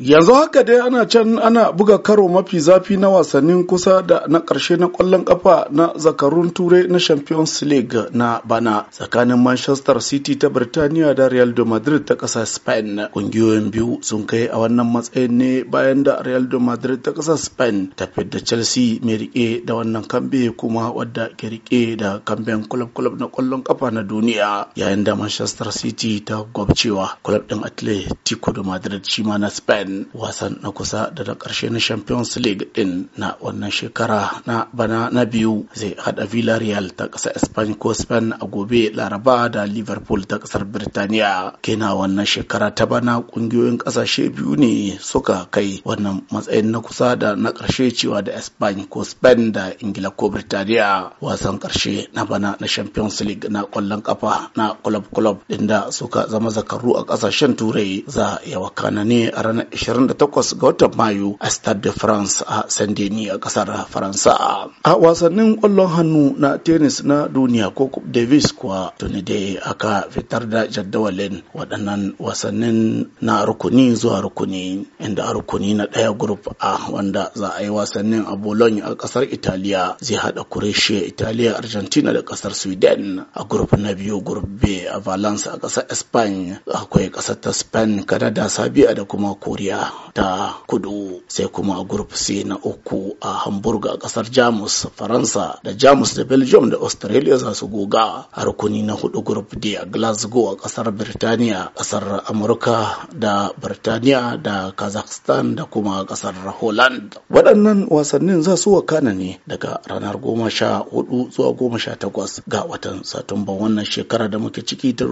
yanzu haka dai ana can ana buga karo mafi zafi na wasannin kusa da na ƙarshe na ƙwallon ƙafa na zakarun turai na champions league na bana tsakanin manchester city ta birtaniya da real de madrid ta ƙasa spain ƙungiyoyin biyu sun kai a wannan matsayin ne bayan da real de madrid ta ƙasa spain ta fidda chelsea mai rike da wannan kambe kuma wadda ke rike da kamben kulab kulab na ƙwallon ƙafa na duniya yayin da manchester city ta gwabcewa club ɗin atletico de madrid shi ma na spain bayan wasan na kusa da na ƙarshe na champions league din na wannan shekara na bana na biyu zai hada villarreal ta ƙasar spain ko spain a gobe laraba da liverpool ta ƙasar birtaniya kena wannan shekara ta bana ƙungiyoyin ƙasashe biyu ne suka kai wannan matsayin na kusa da na ƙarshe cewa da spain ko spain da ingila ko birtaniya wasan ƙarshe na bana na champions league na ƙwallon ƙafa na club club din da suka zama zakaru a ƙasashen turai za ya wakana ne a ranar 28 ga watan Mayu a Stade de France a Saint a kasar Faransa. A wasannin kwallon hannu na tennis na duniya ko Cup Davis kuwa tuni dai aka fitar da jadawalin waɗannan wasannin na rukuni zuwa rukuni inda rukuni na ɗaya group A wanda za a yi wasannin a Bologna a kasar Italiya zai haɗa Croatia, Italiya, Argentina da kasar Sweden a group na biyu group B a Valence a kasar Spain akwai kasar ta Spain, Canada, Sabia da kuma Korea Nigeria ta kudu sai kuma a group c na uku a hamburg a kasar jamus faransa da jamus da belgium da australia za su goga a rukuni na hudu group d a glasgow a kasar birtaniya kasar amurka da birtaniya da kazakhstan da kuma kasar holland waɗannan wasannin za su wakana ne daga ranar goma sha hudu zuwa goma sha takwas ga watan satumba wannan shekara da muke ciki ta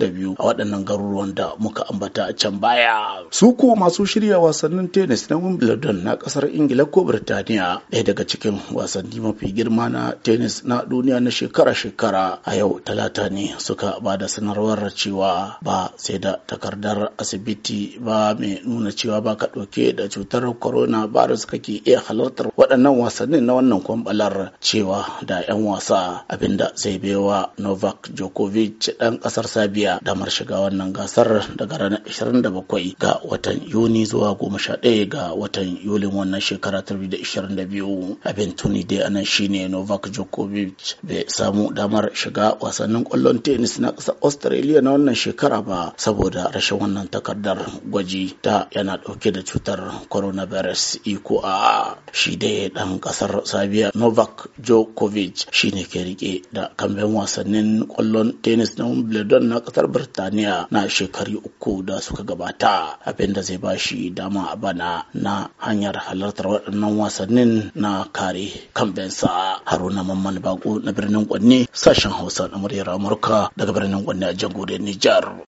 da biyu a waɗannan garuruwan da muka ambata can baya su uku masu shirya wasannin tennis na Wimbledon na kasar Ingila ko Birtaniya ɗaya daga cikin wasanni mafi girma na tennis na duniya na shekara-shekara a yau talata ne suka ba da sanarwar cewa ba sai da takardar asibiti ba mai nuna cewa ba ka ɗauke da cutar corona virus kake iya halartar waɗannan wasannin na wannan kwambalar cewa da 'yan wasa abinda zai baiwa Novak Djokovic ɗan ƙasar Sabiya damar shiga wannan gasar daga ranar 27 ga wata watan yuni zuwa goma sha ɗaya ga watan yulin wannan shekara ta da ishirin da biyu abin tuni dai anan shine novak djokovic bai samu damar shiga wasannin kwallon tennis na ƙasar australia na wannan shekara ba saboda rashin wannan takardar gwaji ta yana ɗauke da cutar coronavirus iko a shi dai ɗan ƙasar sabiya novak djokovic shine ke rike da kamben wasannin kwallon tennis na wimbledon na ƙasar birtaniya na shekaru uku da suka gabata abin wanda zai ba shi dama a bana na hanyar halartar waɗannan wasannin na kare kan bensa haruna mamman bako na birnin kwanne sashen hausa na muryar amurka daga birnin kwanne a jamhuriyar nijar